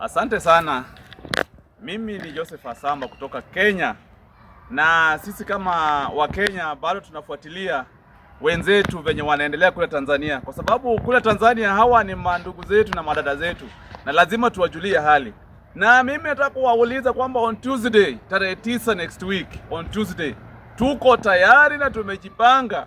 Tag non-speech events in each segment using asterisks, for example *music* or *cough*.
Asante sana. Mimi ni Joseph Asamba kutoka Kenya, na sisi kama Wakenya bado tunafuatilia wenzetu venye wanaendelea kule Tanzania, kwa sababu kule Tanzania hawa ni mandugu zetu na madada zetu, na lazima tuwajulie hali. Na mimi nataka kuwauliza kwamba on Tuesday tarehe tisa next week, on Tuesday tuko tayari na tumejipanga,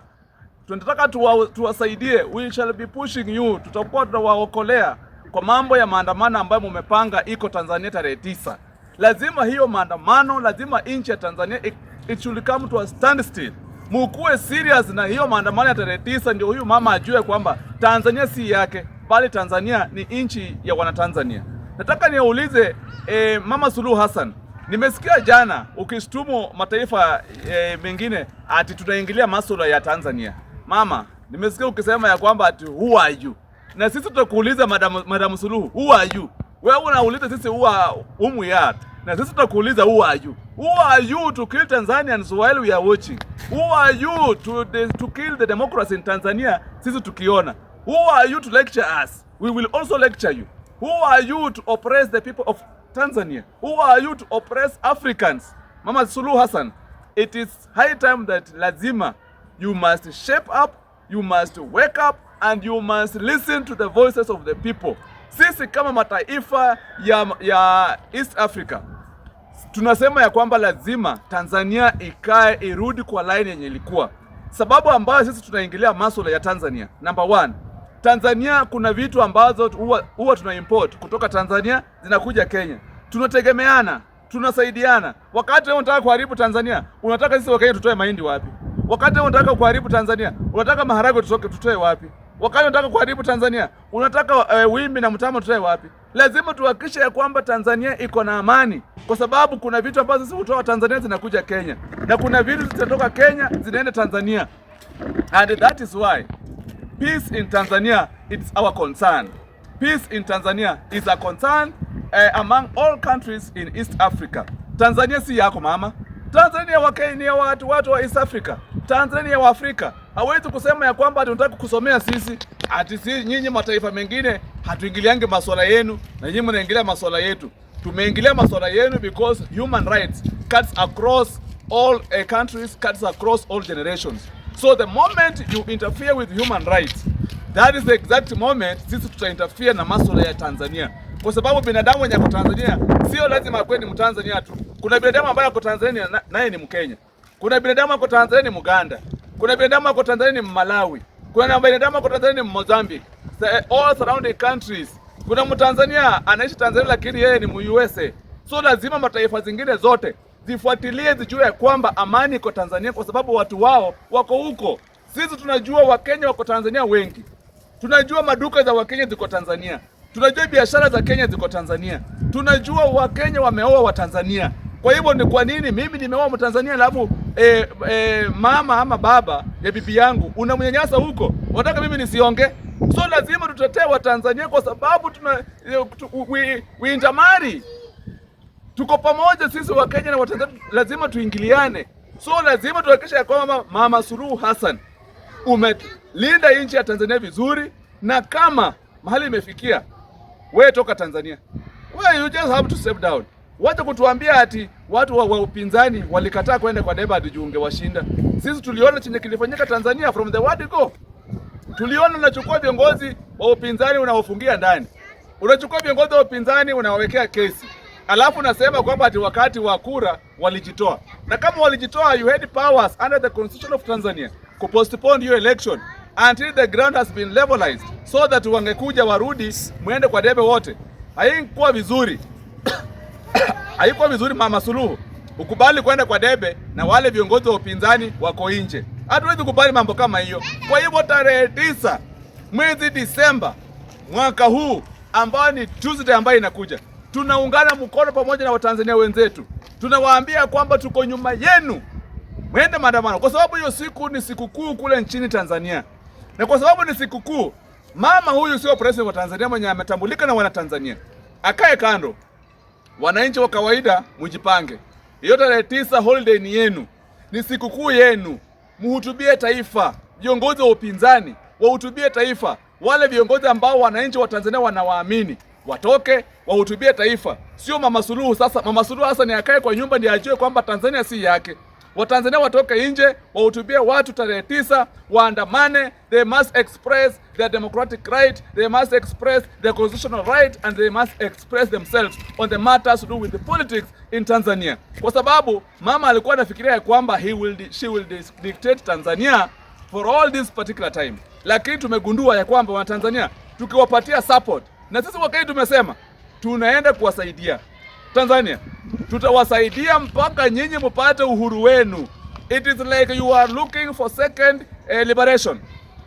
tunataka tuwasaidie. We shall be pushing you, tutakuwa tunawaokolea kwa mambo ya maandamano ambayo mumepanga iko Tanzania tarehe tisa. Lazima hiyo maandamano, lazima nchi ya Tanzania it, should come to a standstill. Mukuwe serious na hiyo maandamano ya tarehe tisa, ndio huyu mama ajue kwamba Tanzania si yake, bali Tanzania ni nchi ya Wanatanzania. Nataka niulize eh, Mama Suluhu Hassan, nimesikia jana ukishtumu mataifa eh, mengine ati tunaingilia masuala ya Tanzania. Mama, nimesikia ukisema ya kwamba ati who are you? na sisi tutakuuliza madam, madam Suluhu, who are you? Wewe unauliza sisi whom we are, na sisi tutakuuliza who are you? Who are you to kill Tanzanians while we are watching? Who are you to, the, to kill the democracy in Tanzania sisi tukiona? Who are you to lecture us? We will also lecture you. Who are you to oppress the people of Tanzania? Who are you to oppress Africans? Mama Suluhu Hassan, it is high time that lazima you must shape up, you must wake up and you must listen to the voices of the people. Sisi kama mataifa ya, ya East Africa tunasema ya kwamba lazima Tanzania ikae irudi kwa line yenye ilikuwa, sababu ambayo sisi tunaingilia masuala ya Tanzania. Number one, Tanzania kuna vitu ambazo huwa, huwa tuna import kutoka Tanzania zinakuja Kenya. Tunategemeana, tunasaidiana. Wakati wewe unataka kuharibu Tanzania, unataka sisi wa Kenya tutoe mahindi wapi? Wakati wewe unataka kuharibu Tanzania, unataka maharagwe tutoke tutoe wapi? Wakati unataka kuharibu Tanzania, unataka uh, wimbi na mtama tutoe wapi? Lazima tuhakikishe ya kwamba Tanzania iko na amani, kwa sababu kuna vitu ambazo sisi kutoka Tanzania zinakuja Kenya na kuna vitu zitatoka Kenya zinaenda Tanzania, and that is why peace in Tanzania it's our concern. Peace in Tanzania is a concern uh, among all countries in East Africa. Tanzania si yako mama. Tanzania wa Kenya, watu watu wa East Africa. Tanzania wa Afrika Hawezi kusema ya kwamba tunataka kukusomea sisi ati si nyinyi mataifa mengine hatuingiliange masuala yenu na nyinyi mnaingilia masuala yetu. Tumeingilia masuala yenu because human rights cuts across all eh, countries, cuts across all generations. So the moment you interfere with human rights, that is the exact moment sisi tuta interfere na masuala ya Tanzania, kwa sababu binadamu wenye ako Tanzania sio lazima akuwe ni Mtanzania tu. Kuna binadamu ambaye ako Tanzania naye ni Mkenya, kuna binadamu ako Tanzania ni Muganda. Kuna binadamu wako Tanzania ni Malawi, kuna binadamu wako Tanzania ni Mozambique, all surrounding countries. Kuna Mtanzania anaishi Tanzania lakini yeye ni muusa. So lazima mataifa zingine zote zifuatilie, zijue ya kwamba amani iko Tanzania kwa sababu watu wao wako huko. Sisi tunajua Wakenya wako Tanzania wengi, tunajua maduka za Wakenya ziko Tanzania, tunajua biashara za Kenya ziko Tanzania, tunajua Wakenya wameoa Watanzania. Kwa hivyo ni kwa nini mimi nimeoa Mtanzania alafu eh, eh, mama ama baba ya bibi yangu unamnyanyasa huko, unataka mimi nisionge? So lazima tutetee Watanzania kwa sababu tuna eh, we, tuko pamoja sisi Wakenya na Watanzania, lazima tuingiliane. So lazima tuhakikisha ya kwamba Mama Suluhu Hassan umelinda nchi ya Tanzania vizuri, na kama mahali imefikia, we toka Tanzania, we you just have to step down. Wacha kutuambia ati watu wa, wa upinzani walikataa kwenda kwa Leba ajiunge washinda. Sisi tuliona chenye kilifanyika Tanzania from the word go. Tuliona unachukua viongozi wa upinzani unawafungia ndani. Unachukua viongozi wa upinzani unawawekea kesi. Alafu nasema kwamba ati wakati wa kura walijitoa. Na kama walijitoa you had powers under the constitution of Tanzania to postpone your election until the ground has been levelized so that wangekuja warudi muende kwa debe wote. Haingekuwa vizuri haiko vizuri Mama Suluhu ukubali kwenda kwa debe na wale viongozi wa upinzani wako nje. Hatuwezi kubali mambo kama hiyo. Kwa hivyo tarehe tisa mwezi Disemba mwaka huu ambao ni Tuesday ambayo inakuja, tunaungana mkono pamoja na Watanzania wenzetu, tunawaambia kwamba tuko nyuma yenu, mwende maandamano, kwa sababu hiyo siku ni sikukuu kule nchini Tanzania, na kwa sababu ni sikukuu, mama huyu sio president wa Tanzania mwenye ametambulika na tanzania akae kando. Wananchi wa kawaida mjipange, hiyo tarehe tisa holiday ni yenu, ni sikukuu yenu, muhutubie taifa. Viongozi wa upinzani wahutubie taifa, wale viongozi ambao wananchi wa Tanzania wanawaamini watoke wahutubie taifa, sio Mama Suluhu. Sasa Mama Suluhu hasa ni akae kwa nyumba ndiye ajue kwamba Tanzania si yake. Watanzania watoke nje wahutubie watu tarehe tisa, waandamane. They must express their democratic right, they must express their constitutional right and they must express themselves on the matters to do with the politics in Tanzania, kwa sababu mama alikuwa anafikiria ya kwamba he will, she will dictate Tanzania for all this particular time, lakini tumegundua ya kwamba Wanatanzania tukiwapatia support, na sisi wakati tumesema tunaenda kuwasaidia Tanzania tutawasaidia mpaka nyinyi mupate uhuru wenu. It is like you are looking for second uh, liberation.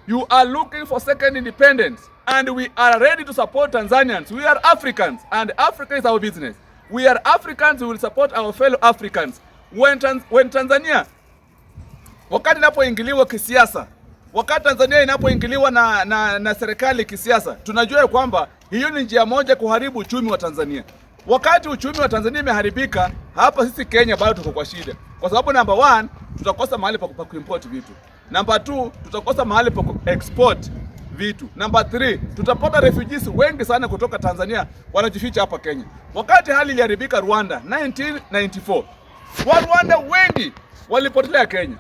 You are looking for second independence and we are ready to support Tanzanians. We are Africans and Africa is our business. We are Africans, we will support our fellow Africans. When, Tanz when Tanzania wakati inapoingiliwa kisiasa, wakati Tanzania inapoingiliwa na, na, na serikali kisiasa, tunajua kwamba hiyo ni njia moja kuharibu uchumi wa Tanzania. Wakati uchumi wa Tanzania imeharibika, hapa sisi Kenya bado tuko kwa shida, kwa sababu number one, tutakosa mahali pa kuimport vitu. Number two, tutakosa mahali pa kuexport vitu. Namba three, tutapata refugees wengi sana kutoka Tanzania wanajificha hapa Kenya. Wakati hali iliharibika Rwanda 1994 wa Rwanda wengi walipotelea Kenya,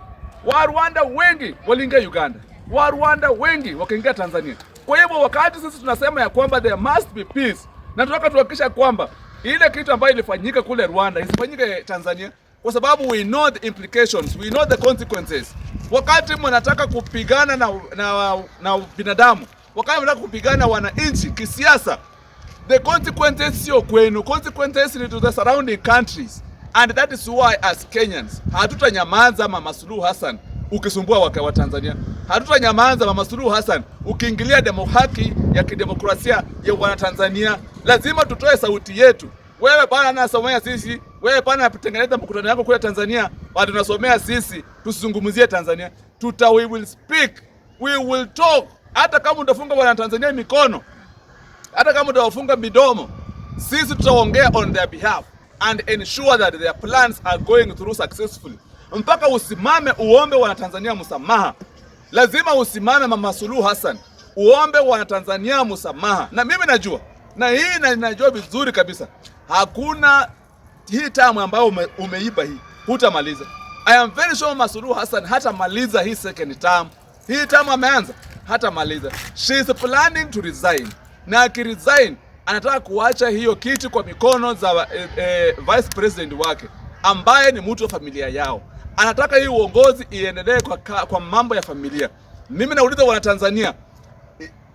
Wa Rwanda wengi waliingia Uganda, Wa Rwanda wengi wakaingia Tanzania. Kwa hivyo wakati sisi tunasema ya kwamba there must be peace na tunataka tuhakikisha kwamba ile kitu ambayo ilifanyika kule Rwanda isifanyike Tanzania, kwa sababu we know the implications, we know the consequences. Wakati mnataka kupigana na, na, na binadamu, wakati mnataka kupigana wananchi kisiasa, the consequences sio kwenu, consequences ni to the surrounding countries, and that is why as Kenyans hatutanyamaza. Mama Suluhu Hassan ukisumbua wake wa Tanzania hatuta Hatutanyamaza Mama Suluhu Hassan, ukiingilia demo haki ya kidemokrasia ya wana Tanzania, lazima tutoe sauti yetu. Wewe bana anasomea sisi, wewe bana anatengeneza mkutano yako kule Tanzania, bado tunasomea sisi. Tusizungumzie Tanzania, tuta we will speak, we will talk. Hata kama utafunga wana Tanzania mikono, hata kama utawafunga midomo, sisi tutaongea on their behalf and ensure that their plans are going through successfully, mpaka usimame uombe wana Tanzania msamaha lazima usimame Mama Suluhu Hassan uombe Wanatanzania msamaha, na mimi najua na hii na najua vizuri kabisa, hakuna hii tamu ambayo ume, umeiba hii hutamaliza. I am very sure Mama Suluhu Hassan hatamaliza hii second term. Hii tamu ameanza hatamaliza. She is planning to resign, na akiresign anataka kuacha hiyo kiti kwa mikono za eh, eh, vice president wake ambaye ni mtu wa familia yao anataka hii uongozi iendelee kwa, kwa mambo ya familia. Mimi nauliza Wanatanzania,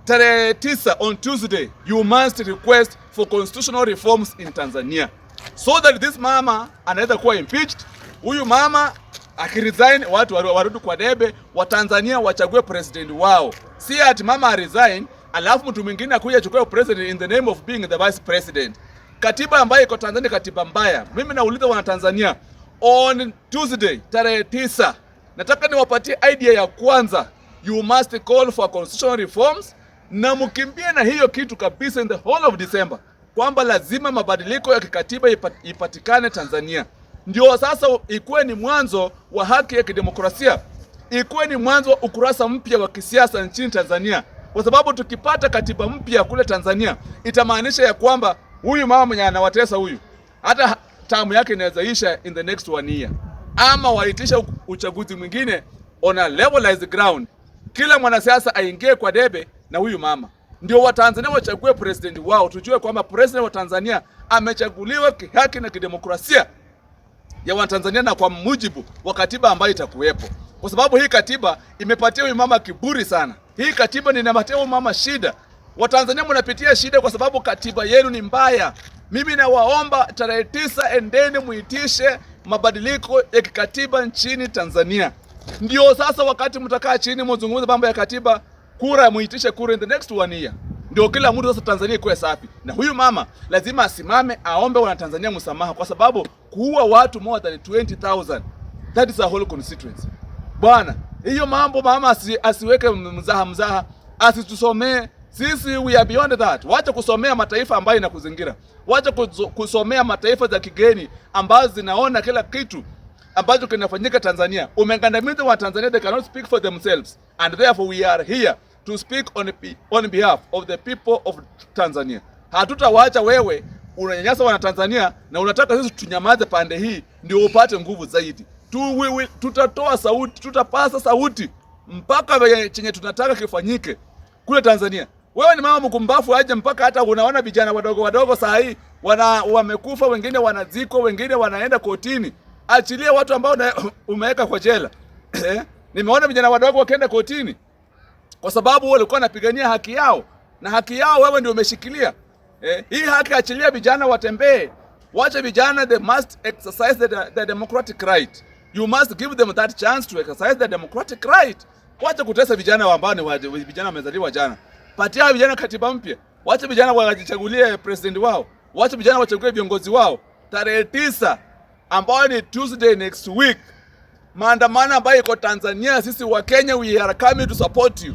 tarehe tisa on Tuesday you must request for constitutional reforms in Tanzania so that this mama anaweza kuwa impeached. Huyu mama akiresign, watu warudi kwa debe, Watanzania wachague president wao, si ati mama aresign alafu mtu mwingine akuja achukue president in the name of being the vice president. Katiba ambayo iko Tanzania katiba mbaya. Mimi nauliza Wanatanzania on Tuesday tarehe tisa. Nataka niwapatie idea ya kwanza, you must call for constitutional reforms, na mkimbie na hiyo kitu kabisa in the whole of December kwamba lazima mabadiliko ya kikatiba ipatikane Tanzania, ndio sasa ikuwe ni mwanzo wa haki ya kidemokrasia, ikuwe ni mwanzo wa ukurasa mpya wa kisiasa nchini Tanzania, kwa sababu tukipata katiba mpya kule Tanzania itamaanisha ya kwamba huyu mama mwenye anawatesa huyu hata tamu yake inaweza isha in the next one year, ama waitisha uchaguzi mwingine on a levelized ground, kila mwanasiasa aingie kwa debe na huyu mama ndio Watanzania wachague president wao. Tujue kwamba president wa Tanzania amechaguliwa kihaki na kidemokrasia ya Watanzania na kwa mujibu wa katiba ambayo itakuwepo, kwa sababu hii katiba imepatia huyu mama kiburi sana. Hii katiba ninapatia huyu mama shida. Watanzania mnapitia shida kwa sababu katiba yenu ni mbaya. Mimi nawaomba tarehe tisa, endeni muitishe mabadiliko ya kikatiba nchini Tanzania. Ndio sasa wakati mtakaa chini mzungumze mambo ya katiba, kura muitishe kura in the next one year. Ndio kila mtu sasa Tanzania ikuwe safi, na huyu mama lazima asimame aombe wana Tanzania msamaha, kwa sababu kuua watu more than 20000 that is a whole constituency bwana. Hiyo mambo mama asi, asiweke mzaha mzaha, asitusomee sisi we are beyond that. Wacha kusomea mataifa ambayo inakuzingira, wacha kusomea mataifa za kigeni ambazo zinaona kila kitu ambacho kinafanyika Tanzania. Umekandamiza wa Tanzania, they cannot speak for themselves and therefore we are here to speak on, on behalf of the people of Tanzania. Hatutawacha wewe unanyanyasa wana Tanzania na unataka sisi tunyamaze pande hii ndio upate nguvu zaidi. Tu, we, we, tutatoa sauti, tutapasa sauti mpaka chenye tunataka kifanyike kule Tanzania. Wewe ni mama mkumbafu aje mpaka hata unaona vijana wadogo wadogo saa hii wana wamekufa, wengine wanazikwa, wengine wanaenda kotini. Achilie watu ambao *coughs* umeweka kwa jela. *coughs* Eh? Nimeona vijana wadogo wakienda kotini kwa sababu wao walikuwa wanapigania haki yao, na haki yao wewe ndio umeshikilia. Eh, hii haki achilia vijana watembee. Wacha vijana, they must exercise the, the democratic right. You must give them that chance to exercise the democratic right. Wacha kutesa vijana ambao ni vijana wamezaliwa jana. Patia vijana katiba mpya, wache vijana wakajichagulie president wao, wache vijana wachagulie viongozi wao. Tarehe tisa ambayo ni Tuesday next week, maandamano ambayo iko Tanzania. Sisi wa Kenya, we are coming to support you,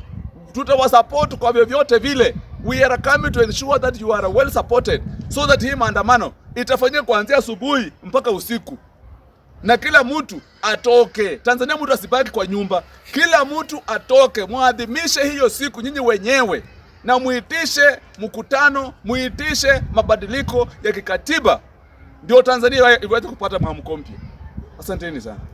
tutawa support kwa vyovyote vile. We are coming to ensure that you are well supported so that hii maandamano itafanyika kuanzia asubuhi mpaka usiku na kila mtu atoke Tanzania, mtu asibaki kwa nyumba, kila mtu atoke, mwadhimishe hiyo siku nyinyi wenyewe na muitishe mkutano, muitishe mabadiliko ya kikatiba, ndio Tanzania iweze kupata mwamko mpya. Asanteni sana.